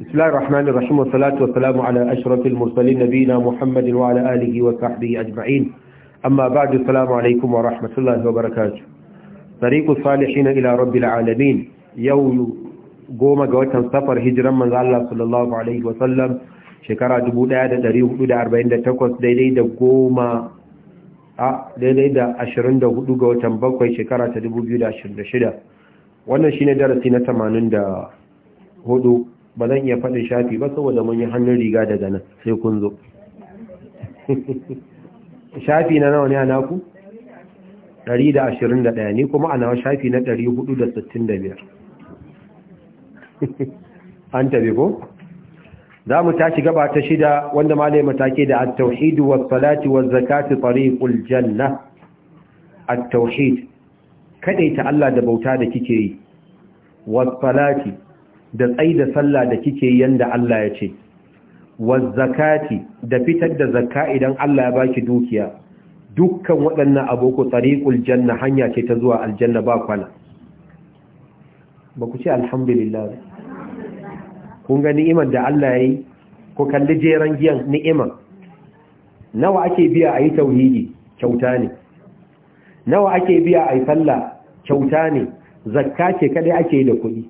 بسم الله الرحمن الرحيم والصلاة والسلام على أشرف المرسلين نبينا محمد وعلى آله وصحبه أجمعين أما بعد السلام عليكم ورحمة الله وبركاته طريق الصالحين إلى رب العالمين يوم goma ga watan safar hijiran manzo Allah sallallahu alaihi wasallam shekara 1448 daidai da goma a daidai da 24 ga watan bakwai shekara ta 2026 wannan shine darasi na 84 ba zan iya faɗin shafi ba saboda mun yi hannun riga daga nan sai kun zo shafi na nawa ne a naku? 121 ne, kuma a nawa shafi na 465 an tabi ko? za mu tashi gaba ta shida wanda ma ne matake da at-tauhidu was salati wa zakati tariqul janna at-tauhid kadaita Allah da bauta da kike yi wa salati da tsayi da sallah da kike yanda Allah ya ce wazzakati da fitar da zakka idan Allah ya baki dukiya dukkan waɗannan aboko tariqul janna hanya ce ta zuwa aljanna ba kwana ba ku ce alhamdulillah kun ga ni'imar da Allah ya yi ku kalli jeran giyan ni'ima nawa ake biya a yi tauhidi kyauta ne nawa ake biya a yi sallah kyauta ne zakka ce kadai ake yi da kuɗi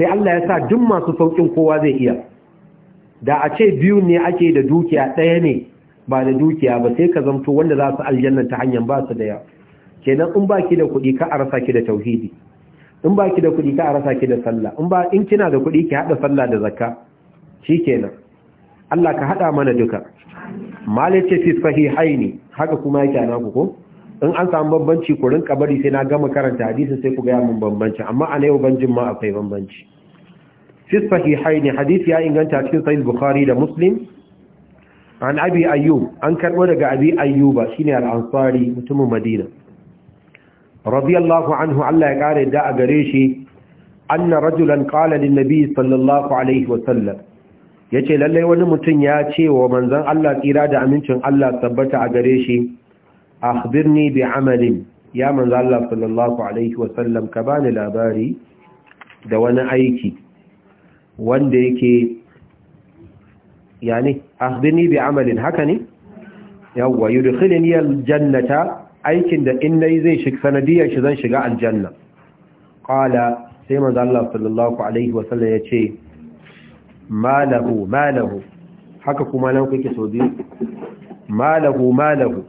sai Allah ya sa duk masu saukin kowa zai iya da a ce biyu ne ake da dukiya ɗaya ne ba da dukiya ba sai ka zamto wanda za su aljanna ta hanyar ba su daya kenan in baki da kuɗi ka arasa ki da tauhidi in baki da kuɗi ka arasa ki da sallah in ba in kina da kuɗi ki haɗa sallah da zakka kenan. Allah ka haɗa mana duka malice fi sahihaini haka kuma yake anaku ku ko in an samu bambanci ku rinka bari sai na gama karanta hadisin sai ku gaya min bambanci amma a yau banjin ma akwai bambanci fi sahihaini hadisi ya inganta cikin sahih bukhari da muslim an abi ayyub an karbo daga abi ayyuba shine al-ansari mutumin madina radiyallahu anhu Allah ya kare da a gare shi anna rajulan qala lin nabi sallallahu alaihi wa sallam yace lalle wani mutum ya ce wa manzon Allah tsira da amincin Allah tabbata a gare shi birni bi amalin ya manzo Allah sallallahu alaihi wasallam ka bani labari da wani aiki wanda yake yani birni bi amalin haka ne yawwa yudkhilni aljannata aikin da in nayi zai shi sanadiyar shi zan shiga aljanna qala sai manzo Allah sallallahu alaihi wasallam yace malahu malahu haka kuma nan kuke so biyu malahu malahu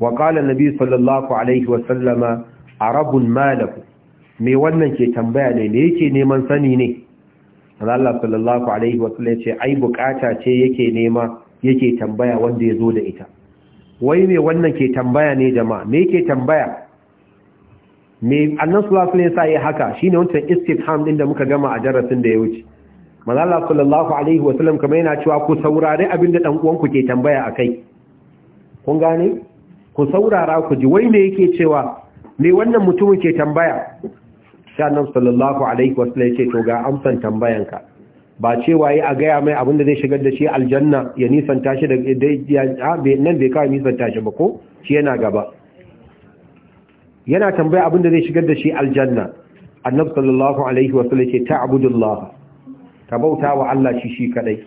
وقال النبي صلى الله alaihi wa عرب ما malaku me wannan ke tambaya ne me yake neman sani ne Allah sallallahu alaihi wa sallam ce ai bukata ce yake nema yake tambaya wanda ya zo da ita wai me wannan ke tambaya ne jama'a me yake tambaya me annan sallallahu alaihi sai haka shine wannan istifham din da muka gama a darasin da ya wuce manzo Allah sallallahu alaihi wa sallam kamar yana cewa ku saurare abin da dan uwanku ke tambaya akai kun gane ku saurara ku ji wai me yake cewa me wannan mutumin ke tambaya shanan sallallahu alaihi wasallam yake to ga amsan tambayanka ba cewa yi a gaya mai abinda zai shigar da shi aljanna ya nisanta shi da nan bai kawai nisanta shi ba ko shi yana gaba yana tambaya abinda zai shigar da shi aljanna annab sallallahu alaihi wasallam yake ta'budullah ka bauta wa Allah shi shi kadai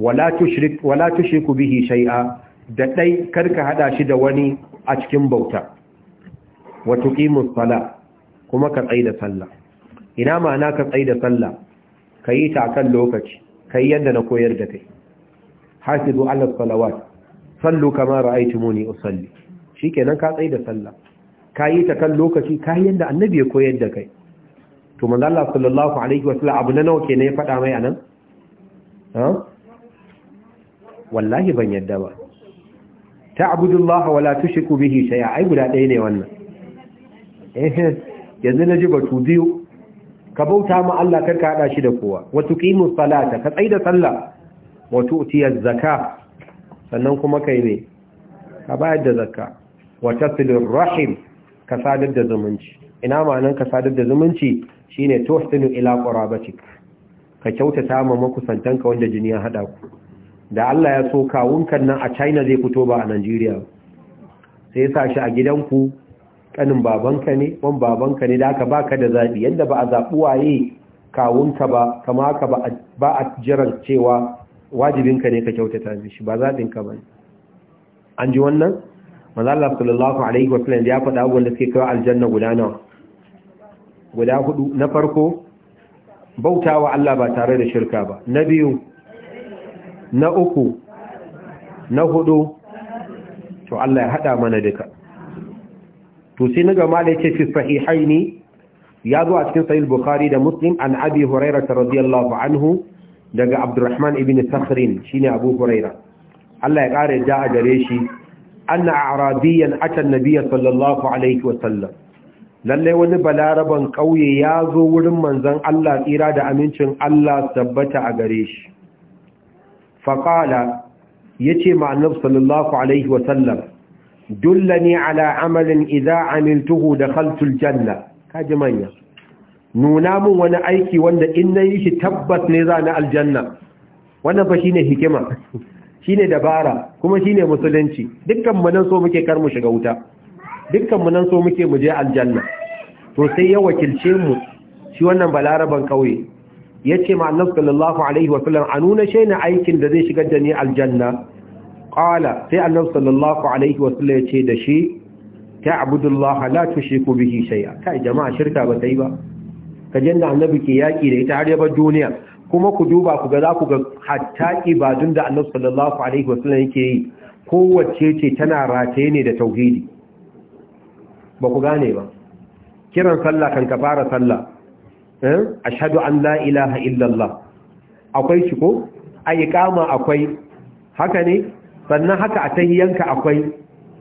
wala tushrik wala tushriku bihi shay'a da ɗai karka haɗa shi da wani a cikin bauta wato ƙimus sala kuma ka tsaye da sallah ina ma'ana ka tsaye da sallah ka yi ta kan lokaci ka yi yadda na koyar da kai hasibu allah salawat sallu kama ra'aitu muni usalli kenan ka tsaye da sallah ka yi ta kan lokaci ka yi yadda annabi ya koyar da kai to manzo allah sallallahu alaihi wasallam abu na nawa kenan ya faɗa mai anan wallahi ban yadda ba ta'budullaha wala tushriku bihi shay'a ai guda ɗaya ne wannan eh yanzu na ji batu biyu ka bauta ma Allah kar ka hada shi da kowa wa tuqimu salata ka tsaida sallah wa tu'ti az-zaka sannan kuma kai ne ka bayar da zakka wa tasilu rahim ka sadar da zumunci ina ma'anan ka sadar da zumunci shine tuhsinu ila qurabatik ka kyautata ma makusantanka wanda jini ya hada ku da Allah ya so kawunkan nan a China zai fito ba a Najeriya sai ya sashi shi a gidanku kanin babanka ne wan babanka ne da aka baka da zabi yanda ba a zabi waye kawunka ba kama haka ba a jiran cewa wajibinka ne ka kyautata mishi ba ka ba an ji wannan mazalla sallallahu alaihi wasallam ya faɗa wanda suke kawo aljanna guda nawa guda hudu na farko bautawa Allah ba tare da shirka ba na biyu na uku na hudu to Allah ya hada mana duka to sai naga malai ce fi sahihaini ya zo a cikin sahih bukhari da muslim an abi hurairah radiyallahu anhu daga abdurrahman ibn sakhrin shine abu hurairah Allah ya kare da a gare shi anna arabiyan ata annabiyya sallallahu alaihi wa sallam lalle wani balaraban kauye ya zo wurin manzon Allah tsira da amincin Allah tabbata a gare shi faƙala ya ce ma'annab sallallahu alaihi wasallam dullani ala amalin idza amiltuhu da khaltul janna ji manya nuna min wani aiki wanda in na yi shi tabbas ne za na aljanna wannan fa ne hikima ne dabara kuma ne musulunci dukkan mu nan so muke kar mu shiga wuta dukkan mu nan so muke mu je aljanna to sai ya wakilce mu shi wannan balaraban kauye yace ma annabi sallallahu alaihi wa a nuna shi aikin da zai shigar da ni aljanna qala sai annabi sallallahu alaihi wa sallam yace da shi ta'budullaha la tushriku bihi shay'a kai jama'a shirka ba ta yi ba Ka da annabi ke yaki da ita har ya bar duniya kuma ku duba ku ga za ku ga hatta ibadun da annabi sallallahu alaihi wa sallam yake yi kowace ce tana rataye ne da tauhidi ba ku gane ba kiran sallah kan ka fara sallah Eh? ashadu an la ilaha illallah akwai shi ko a kama akwai haka ne sannan haka a tahiyanka akwai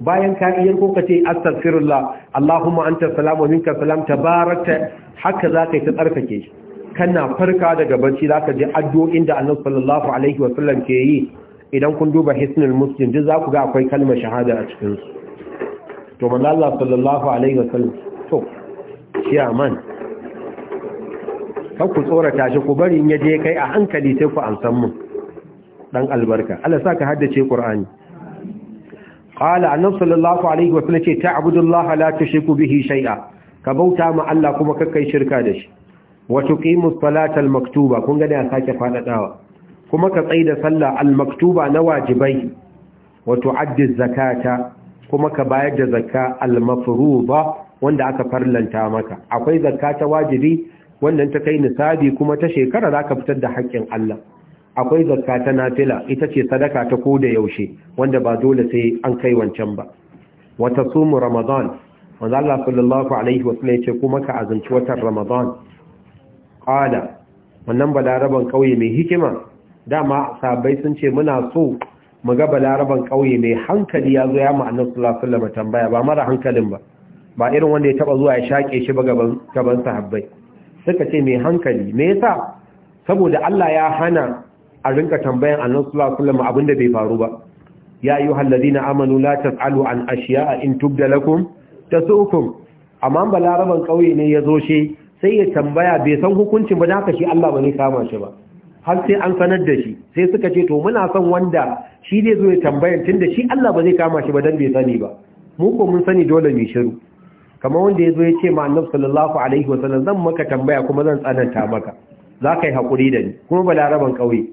bayan ka iya ko kace astaghfirullah allahumma anta wa minka salam tabarakta haka za ka yi ta tsarkake shi kana farka daga barci za ka je addu'o'in da annabi sallallahu alaihi wa sallam ke yi idan kun duba hisnul muslim duk ku ga akwai kalmar shahada a cikin su to manzo Allah sallallahu alaihi wa sallam to shi aman kar ku tsorata shi ku bari in ya je kai a hankali sai ku amsan mun dan albarka Allah ka haddace Qur'ani qala annab sallallahu alaihi wa sallam ce ta'budullaha la tushriku bihi shay'a ka bauta ma Allah kuma kakkai shirka da shi wa tuqimu salata al-maktuba kun ga da sake fadadawa kuma ka tsaida sallah almaktuba na wajibai wa tu'addi zakata kuma ka bayar da zakka al wanda aka farlanta maka akwai zakka ta wajibi wannan ta kai nisabi kuma ta shekara za ka fitar da haƙƙin Allah akwai zakka ta nafila ita ce sadaka ta ko da yaushe wanda ba dole sai an kai wancan ba wata sumu ramadan wanda Allah sallallahu alaihi wasallam ya ce kuma ka azumci watan ramadan qala wannan balaraban kauye mai hikima dama sabai sun ce muna so mu ga balaraban kauye mai hankali ya zo ya mu annabi sallallahu alaihi wasallam tambaya ba mara hankalin ba ba irin wanda ya taba zuwa ya shake shi ba gaban gaban sahabbai suka ce mai hankali me yasa saboda Allah ya hana a rinka tambayan annabi sallallahu alaihi wasallam da bai faru ba ya ayyuhal ladina amanu la tasalu an ashiya'a in tubda lakum tasukum amma balaraban kauye ne yazo shi sai ya tambaya bai san hukuncin ba da haka shi Allah bane kama shi ba har sai an sanar da shi sai suka ce to muna son wanda shi zai zo ya tambayar tunda shi Allah ba zai kama shi ba dan bai sani ba mu ko mun sani dole mu shiru kamar wanda ya zo ya ce ma annabi sallallahu alaihi sallam zan maka tambaya kuma zan tsananta maka za ka yi haƙuri da ni kuma balaraban ƙauye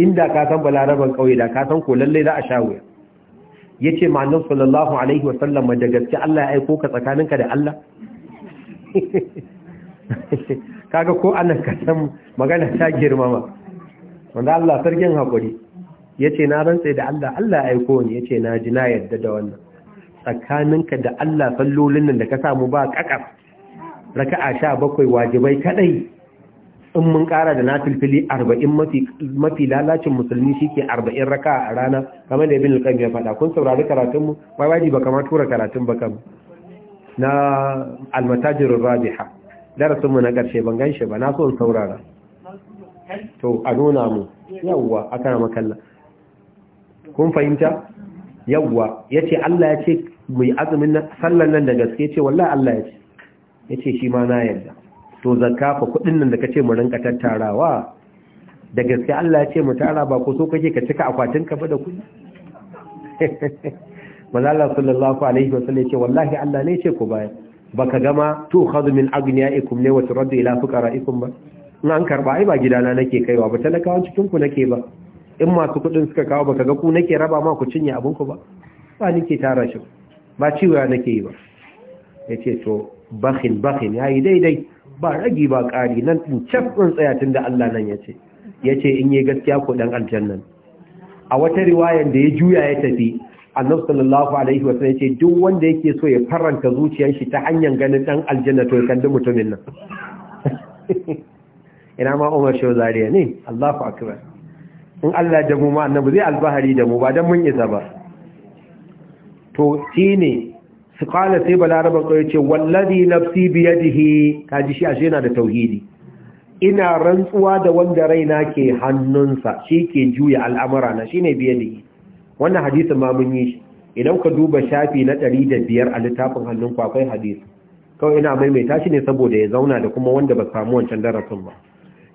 inda ka san balaraban ƙauye da ka san ko lallai za a sha wuya ya ce ma annabi sallallahu alaihi wasallam da gaske Allah ya aiko ka tsakaninka da Allah kaga ko annan ka san magana ta girmama wanda Allah sarkin haƙuri ya ce na rantsa da Allah Allah ya aiko ni ya ce na ji na yadda da wannan tsakaninka da Allah sallolin nan da ka samu ba raka raka'a sha bakwai wajibai kadai in mun kara da filfili arba'in mafi lalacin musulmi shi ke arba'in raka a rana kamar da ibn al ya faɗa kun saurari karatunmu? mu wai waji ba kamar tura karatun ba kan na al-matajir rabiha darasin mu na ƙarshe ban ganshi ba na so in saurara to a nuna mu yawwa akan makalla kun fahimta yawwa yace Allah ya ce Mai azumin nan sallan nan da gaske ce wallahi Allah ya ce yace shi ma na yarda to zakka fa kudin nan da kace mu rinka tattarawa da gaske Allah ya ce mu tara ba ko so kake ka cika akwatin ka ba da kudi manzo sallallahu alaihi ya ce wallahi Allah ne ce ku bayar baka gama to khadhu min agniyaikum ne wa turaddu ila fuqaraikum ba in an karba ai ba gidana nake kaiwa ba talakawan cikin ku nake ba in masu kudin suka kawo baka ga ku nake raba ma ku cinye abinku ku ba ba nake tara shi ba ciwa nake yi ba ya ce to bakin bakin ya yi daidai ba ragi ba ƙari nan in cafin tsayatun da Allah nan ya ce ya ce in yi gaskiya ko ɗan aljannan a wata riwayan da ya juya ya tafi annabi sallallahu alaihi wa sallam ya ce duk wanda yake so ya faranta zuciyar shi ta hanyar ganin ɗan aljanna to ya kandi mutumin nan ina ma Umar Shehu Zariya ne Allahu akbar in Allah da mu ma annabi zai albahari da mu ba dan mun isa ba to shine su kala sai balaraban kawai ce wallazi nafsi biyadihi kaji shi ashe yana da tauhidi ina rantsuwa da wanda raina ke hannunsa shi ke juya al'amura na shine biyadihi wannan hadisin ma mun yi shi idan ka duba shafi na ɗari da biyar a littafin hannun kwakwai hadisi kawai ina maimaita shi ne saboda ya zauna da kuma wanda ba samu wancan darasin ba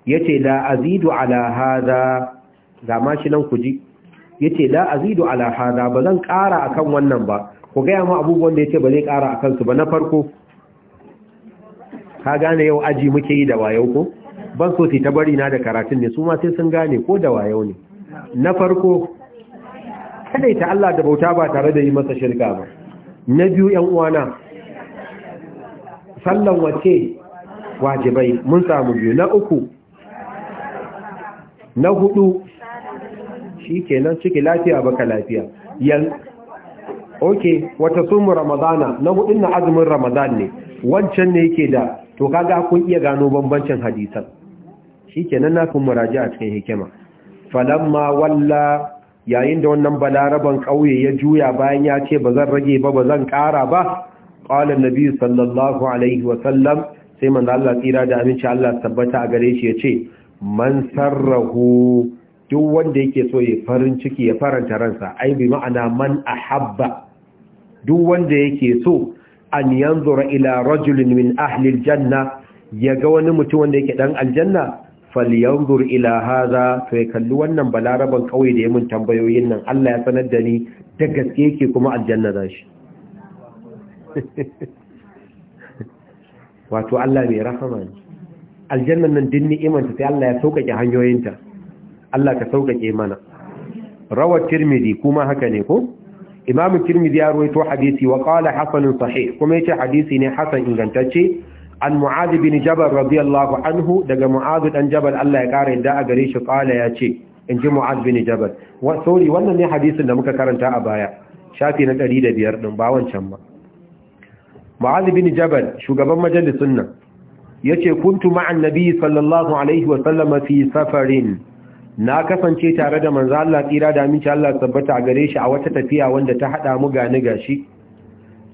yace la azidu ala hadha ga ma shi nan ku ji yace la azidu ala hada ba zan ƙara akan wannan ba ku gaya ma abubuwan da ce ba zai ƙara akan su ba na farko ka gane yau aji muke yi da wayau ko ban so ta bari na da karatun ne su ma sai sun gane ko da wayo ne na farko kadaita Allah da bauta ba tare da yi masa shirka ba na biyu 'yan uwana sallan wace wajibai mun samu biyu na uku na hudu shi kenan ciki lafiya baka lafiya yan ok wata sumu ramadana na hudun na azumin ramadan ne wancan ne yake da to kaga kun iya gano bambancin hadisan shi kenan na kun muraji a cikin hikima falamma walla yayin da wannan balaraban ƙauye ya juya bayan ya ce ba zan rage ba ba zan ƙara ba ƙwalar nabi sallallahu alaihi wasallam sai manzo Allah tsira da aminci Allah tabbata a gare shi ya ce man sarrahu duk wanda yake so ya farin ciki ya faranta ransa ai bi ma'ana man ahabba duk wanda yake so an yanzura ila rajulin min ahli aljanna yaga wani mutum wanda yake dan aljanna falyanzur ila hadha to ya kalli wannan balaraban kauye da mun tambayoyin nan Allah ya sanar da ni da gaske yake kuma aljanna zashi wato Allah mai rahama ne aljannan nan din ni'imanta sai Allah ya sauƙaƙe hanyoyinta Allah ka sauƙaƙe mana rawar tirmidhi kuma haka ne ko imamu tirmidhi ya ruwaito hadisi wa qala hasanun sahih kuma yace hadisi ne hasan ingantacce an mu'adh bin jabal radiyallahu anhu daga mu'adh dan jabal Allah ya kare da a gare shi qala yace inji mu'adh bin jabal wa sorry wannan ne hadisin da muka karanta a baya shafi na 105 din ba wancan ba mu'adh bin jabal shugaban majalisun nan yace kuntu ma'an nabi sallallahu alaihi wa sallam, fi safarin na kasance tare da manzo Allah tsira da aminci Allah tabbata a gare shi a wata tafiya wanda ta hada mu gani gashi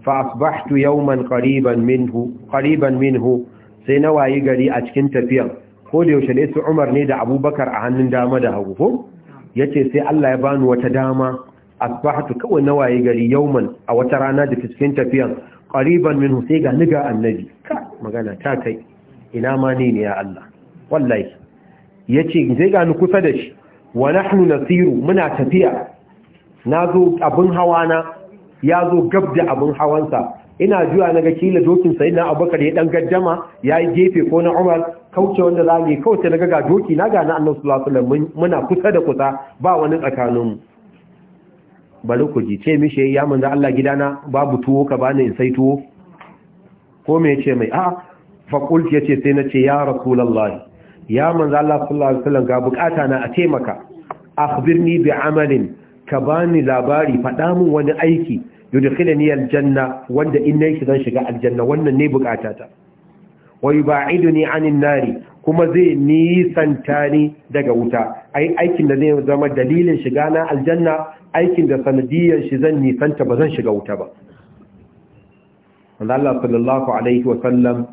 fa asbahtu yawman qariban minhu qariban minhu sai na wayi gari a cikin tafiyan ko da yaushe ne su Umar ne da Abubakar a hannun dama da hagu ko yace sai Allah ya bani wata dama asbahtu kawai na wayi gari yawman a wata rana da cikin tafiyan qariban minhu sai ga niga annabi ka magana ta kai ina ma ne ya Allah wallahi yace zai gani kusa da shi wa nahnu nasiru muna tafiya nazo abin hawa na yazo gab da abin hawansa ina na ga kila dokin na Abubakar ya dan gaddama yayi gefe ko na Umar kauce wanda za mu kauce naga ga doki na ga na Annabi sallallahu alaihi wasallam muna kusa da kusa ba wani tsakanin mu bari ku ji ce mishi ya manzo Allah gidana babu tuwo ka bani in sai tuwo ko me yace mai a fa qult yace sai na ce ya rasulullahi ya manzo Allah sallallahu alaihi wasallam ga bukata na a taimaka akhbirni bi amalin ka bani labari fada min wani aiki yudkhilani aljanna wanda in shi zan shiga aljanna wannan ne bukatata wa yub'iduni anin nari kuma zai nisanta ni daga wuta ai aikin da zai zama dalilin shiga na aljanna aikin da sanadiyar shi zan nisanta ba zan shiga wuta ba Allah sallallahu alaihi wasallam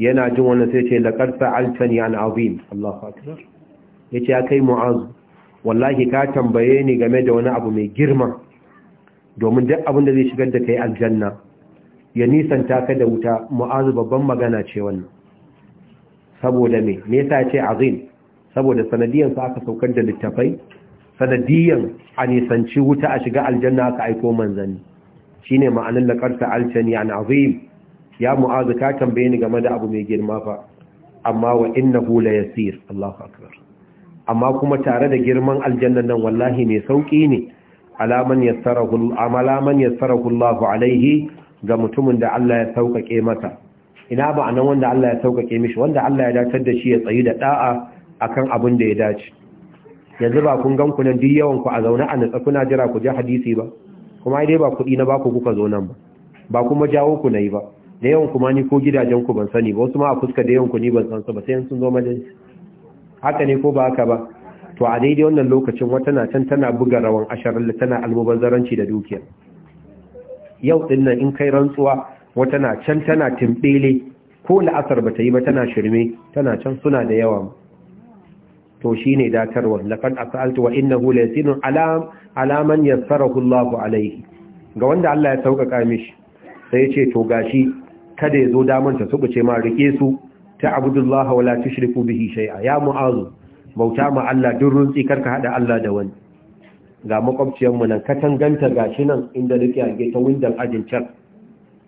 yana jin wannan sai ce laqad ni an azim Allahu akbar yace ya kai mu'az wallahi ka tambaye ni game da wani abu mai girma domin duk abin da zai shigar da kai aljanna ya nisanta ka da wuta mu'az babban magana ce wannan saboda me me yasa ce azim saboda sanadiyan sa aka saukar da littafai sanadiyan a nisanci wuta a shiga aljanna aka aiko manzanni shine ma'anar laqad ni an azim ya mu'azu ka tambaye ni game da abu mai girma fa amma wa innahu la yasir Allahu akbar amma kuma tare da girman aljannan nan wallahi mai sauki ne alaman yassarahu amala man yassarahu Allahu alaihi ga mutumin da Allah ya saukake masa ina ba anan wanda Allah ya saukake mishi wanda Allah ya datar da shi ya tsayi da da'a akan abin da ya dace yanzu ba kun gan ku nan duk yawan ku a zaune a natsa kuna jira ku ji hadisi ba kuma dai ba kuɗi na ba ku kuka zo nan ba ba kuma jawo ku nayi ba da yawan kuma ni ko gidajen ku ban sani ba wasu ma a fuska da yawan ku ni ban san su ba sai sun zo majalisa haka ne ko ba haka ba to a daidai wannan lokacin wata na can tana buga rawan asharar tana almubazzaranci da dukiya yau din nan in kai rantsuwa wata na can tana timbele ko la'asar ba ta yi ba tana shirme tana can suna da yawa to shine datarwa laqad asaltu wa innahu yasinu alam alaman yassarahu Allahu alayhi ga wanda Allah ya sauƙaƙa mishi sai ya ce to gashi kada ya zo daman ta subuce ma rike su ta Abdullahi wala tushriku bihi shay'a ya mu'azu bauta ma Allah duk runtsi karka hada Allah da wani ga makwabciyar mu nan katanganta gashi nan inda nake a ta windan ajin can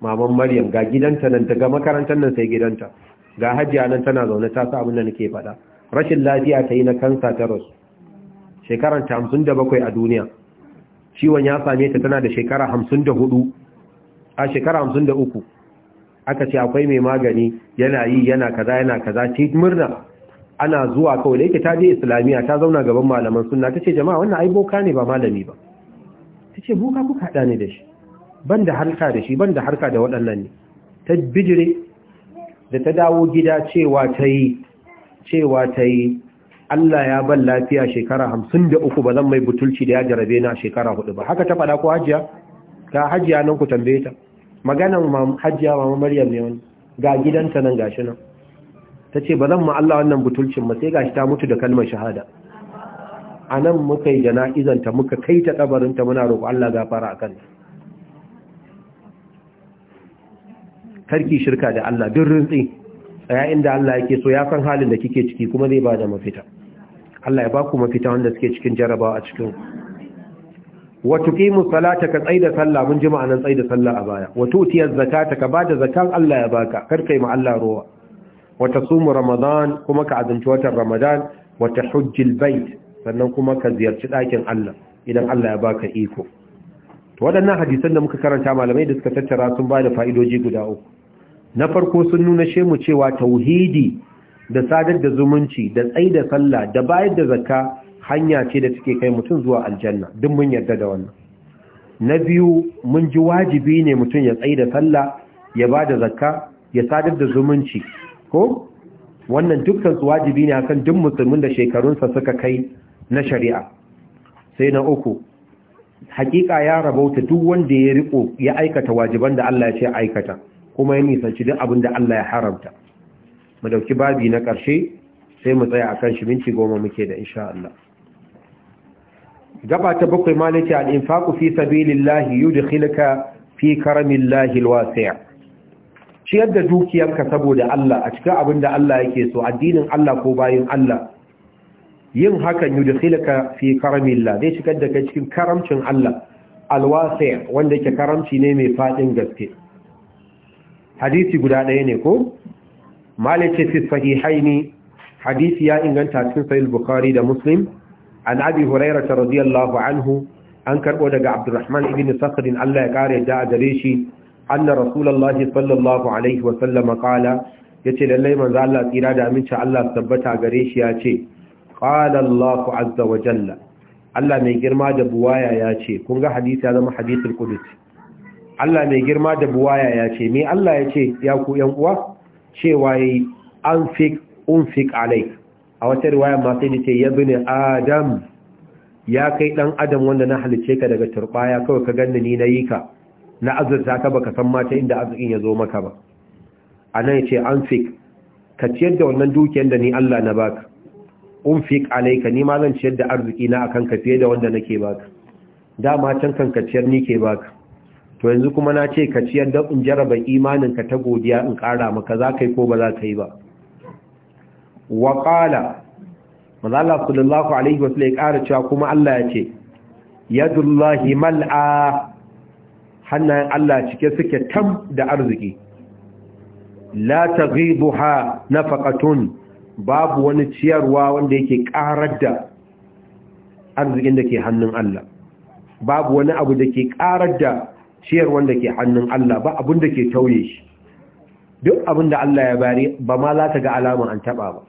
maman Maryam ga gidanta nan daga makarantar nan sai gidanta ga hajiya nan tana zaune ta sa abin da nake faɗa rashin lafiya ta yi na kansa ta rasu shekaran ta 57 a duniya ciwon ya same ta tana da shekara 54 a shekara uku. aka ce akwai mai magani yana yi yana kaza yana kaza ce murna ana zuwa kawai da yake ta je islamiyya ta zauna gaban malaman sunna tace jama'a wannan ai boka ne ba malami ba tace boka ku hada ne da shi banda harka da shi banda harka da waɗannan ne ta bijire da ta dawo gida cewa ta yi cewa ta yi Allah ya ban lafiya shekara hamsin da uku ba zan mai butulci da ya jarabe na shekara hudu ba haka ta faɗa ko hajiya ta hajiya nan ku tambaye ta maganan hajjiya mama maryam ne wani ga gidanta nan gashi nan ta ce ba zan ma Allah wannan butulcin ba sai gashi ta mutu da kalmar shahada a nan muka yi jana'izanta muka kai ta kabarinta muna roƙo Allah gafara a kanta karki shirka da Allah duk rintsi tsaya inda Allah yake so ya san halin da kike ciki kuma zai ba da mafita Allah ya ba ku mafita wanda suke cikin jarabawa a cikin wa tuqimu salata ka tsaida sallah mun ji ma'anan tsaida sallah a baya wa tutiya zakata ka bada zakan Allah ya baka kar kai ma Allah rowa wa tasumu ramadan kuma ka azumci watan ramadan wa tahujjil bait sannan kuma ka ziyarci dakin Allah idan Allah ya baka iko to waɗannan hadisan da muka karanta malamai da suka tattara sun bada fa'idodi guda uku na farko sun nuna shemu cewa tauhidi da sadar da zumunci da tsaida sallah da bayar da zaka. hanya ce da take kai mutum zuwa aljanna duk mun yarda da wannan na biyu mun ji wajibi ne mutum ya tsaye da sallah ya ba da zakka ya sadar da zumunci ko wannan dukkan su wajibi ne akan duk musulmin da shekarunsa suka kai na shari'a sai na uku hakika ya rabauta duk wanda ya riko ya aikata wajiban da Allah ya ce aikata kuma ya nisanci duk abin da Allah ya haramta mu dauki babi na karshe sai mu tsaya akan shi minti goma muke da insha Allah gaba ta bakwai malaki al-infaqu fi sabilillahi yudkhiluka fi karamillahi al-wasi' ciyar da dukiyarka saboda Allah a cikin abin da Allah yake so addinin Allah ko bayan Allah yin hakan yudkhilka fi karamillah zai shigar da kai cikin karamcin Allah alwasi wanda yake karamci ne mai fadin gaske hadisi guda ɗaya ne ko malice fi sahihaini hadisi ya inganta cikin sahih bukhari da muslim an abi hurairata radiyallahu anhu an karbo daga abdurrahman ibn sakhdin Allah ya kare da gare shi anna rasulullahi sallallahu alaihi wa sallam qala yace lalle manzo Allah tsira da aminci Allah tabbata gare shi yace qala Allah azza wa jalla Allah mai girma da buwaya yace kun ga hadisi ya zama hadisul qudsi Allah mai girma da buwaya ce. me Allah yace ya ku yan uwa cewa yi anfik unfik alaik a wata riwaya ma sai ce ya bini adam ya kai dan adam wanda na halice ka daga turbaya kawai ka ganni ni nayi ka na azurta ka baka san mata inda arzikin ya zo maka ba anan yace anfik ka ciyar da wannan dukiyar da ni Allah na baka unfik alayka ni ma zan ciyar da arziki na akan ka fiye da wanda nake baka dama can kan ka ciyar ni ke baka to yanzu kuma na ce ka ciyar da in jaraba imanin ka ta godiya in kara maka za ka yi ko ba za ka yi ba wa ƙala manzo Allah sallallahu alaihi wasallam ya ƙara cewa kuma Allah ya ce yadullahi mal'a hannayen Allah cike suke tam da arziki la na faƙatun babu wani ciyarwa wanda yake ƙarar da arzikin da ke hannun Allah babu wani abu da ke ƙarar da ciyar wanda ke hannun Allah ba abin da ke tauye shi duk abin da Allah ya bari ba ma za ta ga alama an taba ba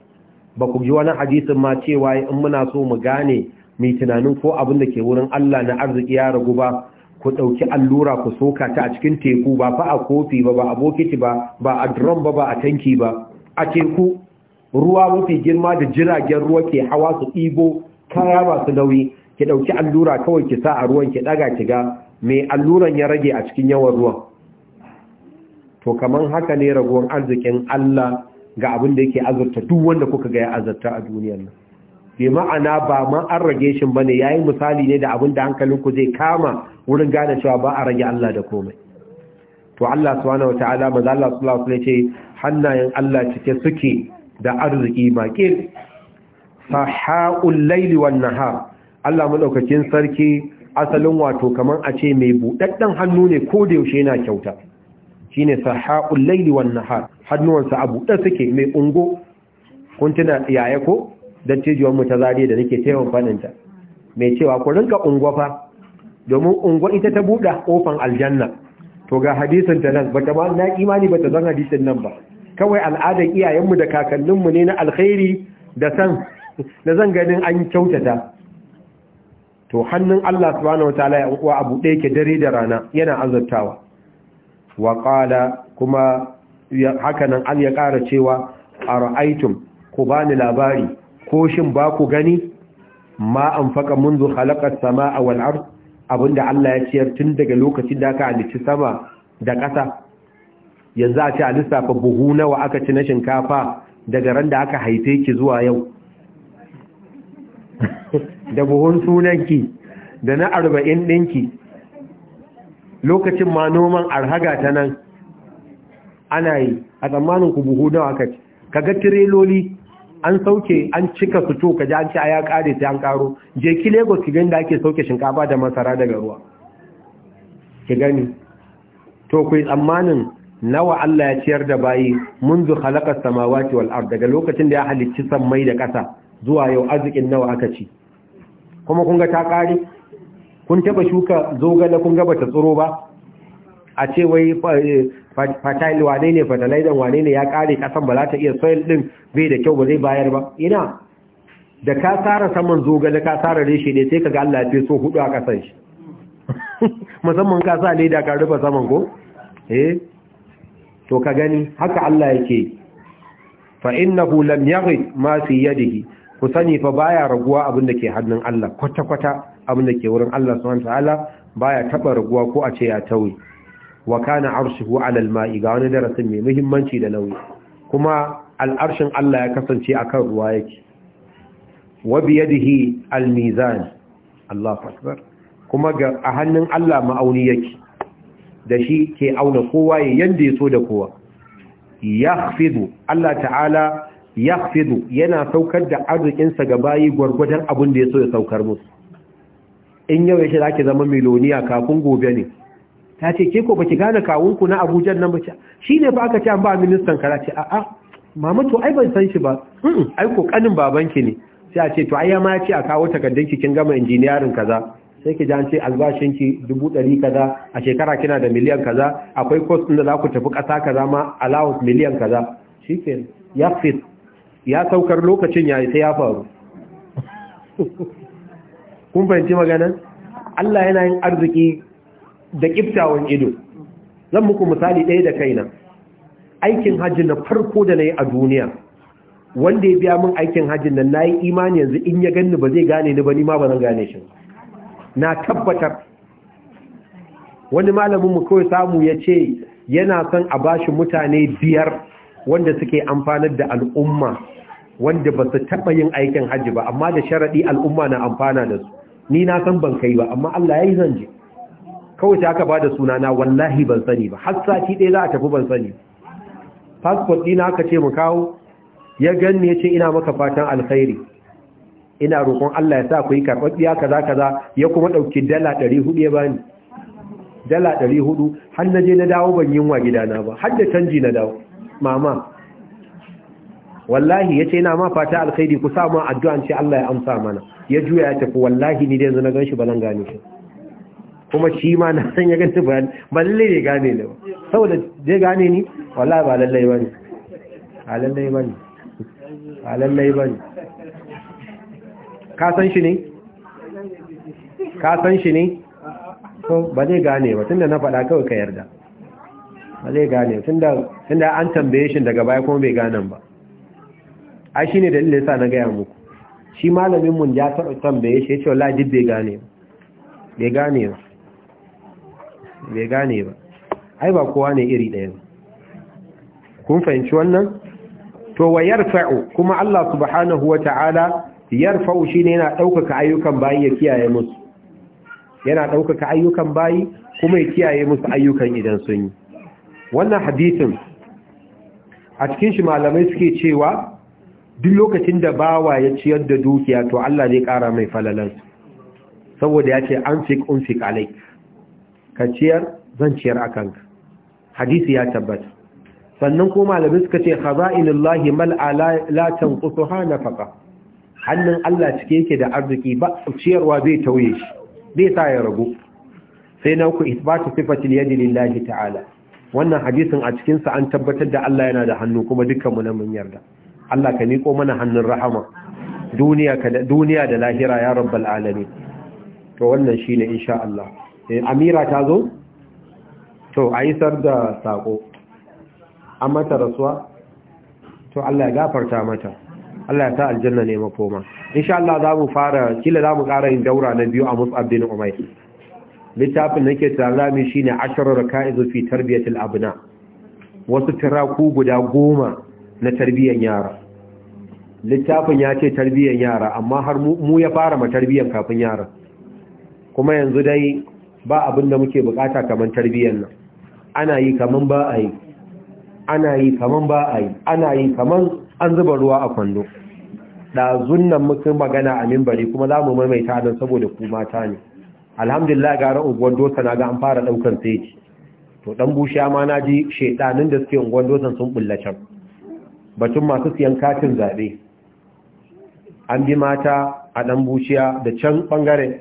ba ku ji wani hadisin ma cewa in muna so mu gane mai tunanin ko abin da ke wurin Allah na arziki ya ragu ba ku ɗauki allura ku soka ta a cikin teku ba fa a kofi ba ba a bokiti ba ba a drum ba ba a tanki ba a teku ruwa mafi girma da jiragen ruwa ke hawa su ɗibo kaya masu nauyi ki ɗauki allura kawai ki sa a ruwan ki ɗaga ki ga mai alluran ya rage a cikin yawan ruwan to kaman haka ne raguwar arzikin Allah ga abin da yake azurta duk wanda kuka ga ya azurta a duniyar nan bi ma'ana ba ma an rage shi bane yayi misali ne da abin da hankalin ku zai kama wurin gane cewa ba a rage Allah da komai to Allah subhanahu wataala maza Allah sallallahu alaihi ce hannayen Allah cike suke da arziki ke. sahaul layl wan nahar Allah madaukakin sarki asalin wato kaman a ce mai budaddan hannu ne ko da yaushe yana kyauta shine sahaul laili wan nahar hannuwansa a buɗe suke mai ungo kun tuna yaya ko dattijuwan mu ta zare da nake tayawan faninta mai cewa ku rinka ungo fa domin ungo ita ta buɗe kofan aljanna to ga hadisin ta nan bata ta na imani bata zan hadisin nan ba kawai al'adar iyayenmu da kakanninmu ne na alkhairi da san da zan ganin an kyautata to hannun Allah subhanahu wataala ya uwa abu ɗaya ke dare da rana yana azurtawa wa qala kuma hakanan an ya ƙara cewa ara'aytum ku bani labari ko shin ba ku gani ma an anfaqa منذ خلق السماء والارض abinda Allah ya ciyar tun daga lokacin da aka halicci sama da ƙasa yanzu a ce a lissafa buhu nawa aka ci na shinkafa daga ran da aka haife ki zuwa yau da buhun sunanki da na arba'in ɗinki lokacin ma noman arhaga ta nan ana yi a tsammanin ku buhu nawa ka ci kaga tireloli an sauke an cika su to kaji an ci a ya kare ta an karo je ki Lagos ki ganda ake sauke shinkafa da masara daga ruwa ki gani to ku tsammanin nawa Allah ya ciyar da bayi munzu samawati wal والارض daga lokacin da ya halicci sammai da ƙasa zuwa yau arzikin nawa aka ci kuma kun ga ta kare kun taba shuka zogale kun gaba ta tsoro ba a ce wai eh, fertile wane ne Fatalizan wane ne ya kare kasan ba za ta iya soil din bai da kyau ba zai bayar ba ina da ka tsara saman zogale ka tsara reshe ne sai kaga Allah ya fi so hudu a kasan shi musamman ka sa leda ka rufe saman ko eh to ka gani haka Allah yake fa innahu lam yaghid ma fi yadihi ku sani fa baya raguwa abin da ke hannun Allah kwata kwata abin da ke wurin Allah subhanahu ta'ala baya taba raguwa ko a ce ya tawi wa kana arshuhu ala al-ma'i ga wani darasin mai muhimmanci da nauyi kuma al-arshin Allah ya kasance akan ruwa yake wa bi yadihi al-mizan Allahu akbar kuma ga a hannun Allah ma'auni yake da shi ke auna kowa yanda ya so da kowa yakhfidu Allah ta'ala yakhfidu yana saukar da arzikinsa ga bayi gwargwadon abin da ya so ya saukar musu in yau za zaki zama miloniya kafin gobe ne ta ce ke ko baki gane kawunku na Abuja nan ba shi ne fa aka ce an ba ministan kara ce a'a mama to ai ban san shi ba ai ko babanki ne sai a ce to ai ya ma ce a kawo ki kin gama injiniyarin kaza sai ki jan ce ki dubu ɗari kaza a shekara kina da miliyan kaza akwai cost din da za ku tafi kasa kaza ma allowance miliyan kaza shi ya fit ya saukar lokacin yayi sai ya faru kun fahimci magana Allah yana yin arziki da kiftawan ido zan muku misali ɗaya da kaina aikin hajji na farko da na yi a duniya wanda ya biya min aikin hajji nan na yi imani yanzu in ya ganni ba zai gane ni ba ni ma ba zan gane shi na tabbatar wani malamin mu kawai samu ya ce yana son a bashi mutane biyar wanda suke amfanar da al'umma wanda ba su taɓa yin aikin hajji ba amma da sharaɗi al'umma na amfana da su ni na san ban kai ba amma Allah yayi zan je kawai aka bada suna na wallahi ban sani ba har sati ɗaya za a tafi ban sani passport ɗina aka ce mu kawo ya ganni ya ce ina maka fatan alkhairi ina roƙon Allah ya sa ku yi karɓaɓɓiya kaza kaza ya kuma ɗauki dala ɗari hudu ya bani dala ɗari hudu har na je na dawo ban yunwa gidana ba har da canji na dawo mama wallahi ya ce na ma fata alkhairi ku sa mu addu'an ce Allah ya amsa mana ya juya ya tafi wallahi ni dai yanzu na ganshi balan gane shi kuma shi ma na san ya ganta bayan ba balle ne gane ne saboda je gane ni wallahi ba lalle bane ba lalle bane ba lalle bane ka san shi ne ka san shi ne to ba zai gane ba tunda na faɗa kawai ka yarda ba zai gane tunda tunda an tambaye shi daga baya kuma bai gane ba ai ne dalilin sa na gaya muku shi malamin mun ya taɓa tambaye shi ya ce wallahi duk bai gane ba bai gane ba bai gane ba ai ba kowa ne iri ɗaya ba kun fahimci wannan to wa yarfa'u kuma Allah subhanahu ta'ala yarfa'u shine yana ɗaukaka ayyukan bayi ya kiyaye musu yana ɗaukaka ayyukan bayi kuma ya kiyaye musu ayyukan idan sun yi wannan hadisin a cikin shi malamai suke cewa duk lokacin da bawa ya ciyar da dukiya to Allah zai ƙara mai falalan saboda ya ce an fi unfik ka ciyar zan ciyar akan hadisi ya tabbata sannan kuma malamin suka ce khazainullahi mal la tanqusuha nafaqa hannun Allah cike yake da arziki ba ciyarwa zai tauye shi zai sa ya ragu sai na ku isbatu sifatil yadi lillahi ta'ala wannan hadisin a cikin sa an tabbatar da Allah yana da hannu kuma dukkan mu nan mun yarda Allah ka miƙo mana hannun rahama duniya da lahira ya rabbal alami to wannan shi ne insha Allah eh, amira ta zo? to a sar da saƙo an mata rasuwa? to Allah ya gafarta mata Allah ya ta aljanna ne makoma insha Allah za mu fara kila za mu ƙara yin daura na biyu a mus'ab abin umar littafin na ke tsarami shi ne ashirar ka'izu fi tarbiyyar abina wasu tiraku guda goma na tarbiyyar yara littafin ya ce tarbiyyar yara amma har mu ya fara ma tarbiyyar kafin yara kuma yanzu dai ba abin da muke bukata kamar tarbiyyar nan ana yi kaman ba a yi ana yi kamar ba a yi ana yi kamar an zuba ruwa a kwando ɗazun nan muka magana a mimbari kuma za mu maimaita nan saboda ku mata ne alhamdulillah gara unguwar dosa na ga an fara ɗaukar sai to dan bushiya ma na ji shaidanin da suke unguwar dosa sun bulla can batun masu siyan katin zaɓe an bi mata a ɗan bushiya da can ɓangare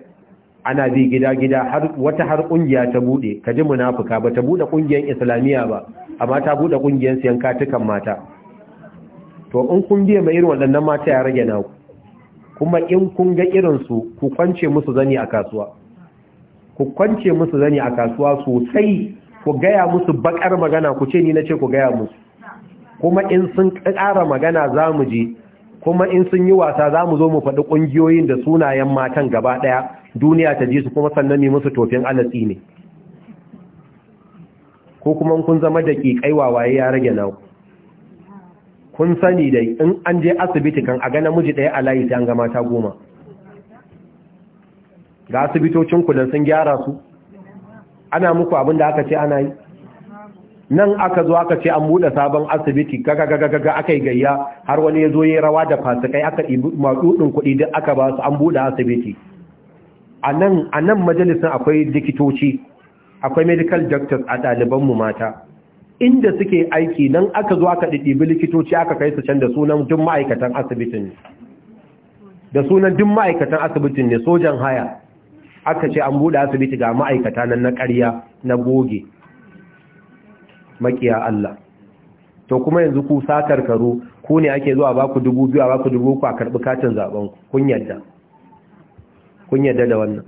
ana bi gida-gida wata har ƙungiya ta buɗe ka ji munafuka ba ta buɗe ƙungiyar islamiyya ba amma ta buɗe ƙungiyar siyan katukan mata to in kun biya mai irin waɗannan mata ya rage naku kuma in kun ga irinsu ku kwance musu zani a kasuwa ku kwance musu zani a kasuwa sosai ku gaya musu bakar magana ku ce ni na ce ku gaya musu kuma in sun ƙara magana za mu je kuma in sun yi wasa za mu zo mu faɗi ƙungiyoyin da sunayen matan gaba ɗaya duniya ta ji su kuma sannan yi musu tofin alatsi ne ko kuma kun zama da ƙiƙai wawaye ya rage naku kun sani da in an je asibiti kan a ga namiji ɗaya a layi sai an ga mata goma ga asibitocin kudan sun gyara su ana muku abin da aka ce ana yi nan aka zo aka ce an buɗe sabon asibiti gagagagaga aka yi gayya har wani ya zo ya rawa da fasikai aka maɗuɗin kuɗi duk aka ba su an buɗe asibiti a nan majalisun akwai likitoci akwai medical doctors a mu mata inda suke aiki nan aka zo aka ɗiɗibi likitoci aka kai su can da sunan duk ma'aikatan asibitin ne da sunan duk ma'aikatan asibitin ne sojan haya aka ce an buɗe asibiti ga ma'aikata nan na ƙarya na goge makiya Allah to kuma yanzu ku satar karu ku ne ake zuwa ba ku dubu biyu a ba ku dubu ku a karɓi katin zaben kun yadda kun yadda da wannan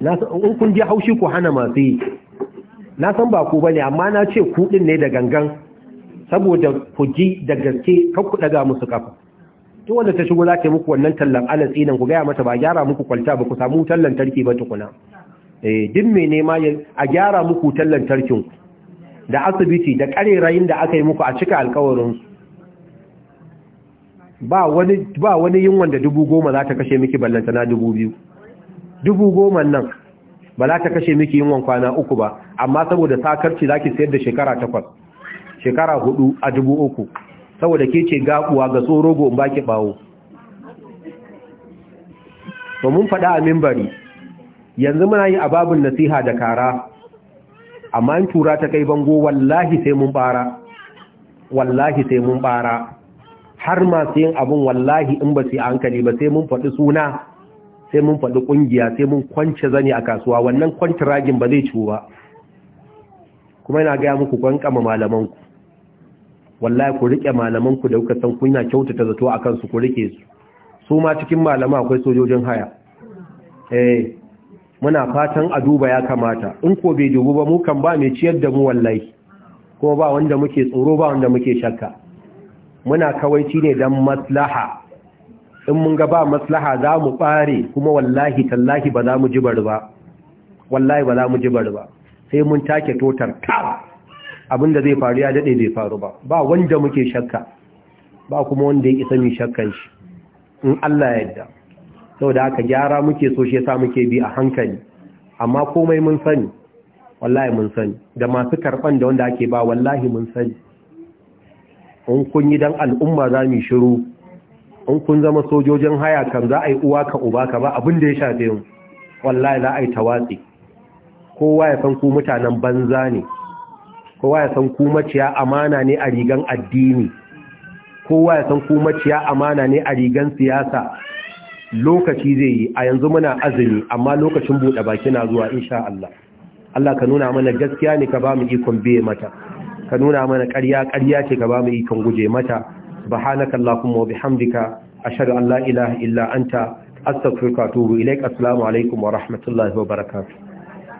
in kun ji haushi ku hana masu yi na san ba ku bane amma na ce ku ɗin ne da gangan saboda ku ji da gaske kan ku ɗaga musu kafa to wanda ta shigo za ta yi muku wannan tallan alatsi nan ku gaya mata ba gyara muku kwalta ba ku samu tallan tarki ba tukuna eh duk mai nema a gyara muku tallantarkin lantarkin, da asibiti da karerayin da aka yi muku a cika alkawarin ba ba wani yunwan da dubu goma za ta kashe miki ballanta na dubu biyu dubu goma nan ba za ta kashe miki yunwan kwana uku ba amma saboda sakarci za ki sayar da shekara takwas shekara hudu a dubu uku saboda ke ce gaɓuwa ga tsoro ba ki ɓawo. Ba mun faɗa a mimbari, yanzu muna yi ababin nasiha da kara amma in tura ta kai bango wallahi sai mun bara wallahi sai mun bara har masu yin abun wallahi in ba su hankali ba sai mun faɗi suna sai mun faɗi ƙungiya sai mun kwance zane a kasuwa wannan ragin ba zai ciwo ba kuma yana gaya muku kwankama malamanku wallahi ku riƙe malamanku da kuka san kuna kyautata zato a kansu ku riƙe su su ma cikin malama akwai sojojin haya eh muna fatan a duba ya kamata in ko bai dubu ba mu kan ba mai ciyar da mu wallahi ko ba wanda muke tsoro ba wanda muke shakka muna kawaici ne don maslaha in mun ga ba maslaha za mu bare kuma wallahi tallahi ba za mu jibar ba wallahi ba za mu jibar ba sai mun take totar ta abinda zai faru ya dade zai faru ba ba wanda muke shakka ba kuma wanda ya isa mai shakkan shi in Allah ya yadda saboda haka gyara muke so shi yasa muke bi a hankali amma komai mun sani wallahi mun sani da masu karban da wanda ake ba wallahi mun sani in kun yi dan al'umma za mu shiru in kun zama sojojin haya kan za a yi uwa ka uba ka ba abin da ya shafe mu wallahi za a yi tawatsi kowa ya san ku mutanen banza ne kowa ya san ku maciya amana ne a rigan addini kowa ya san ku maciya amana ne a rigan siyasa lokaci zai yi a yanzu muna azumi amma lokacin buɗe baki na zuwa insha Allah Allah ka nuna mana gaskiya ne ka ba mu ikon biye mata ka nuna mana ƙarya ƙarya ce ka ba mu ikon guje mata subhanaka allahumma wa bihamdika ashhadu an la ilaha illa anta astaghfiruka wa atubu ilaik assalamu alaikum wa rahmatullahi wa barakatuh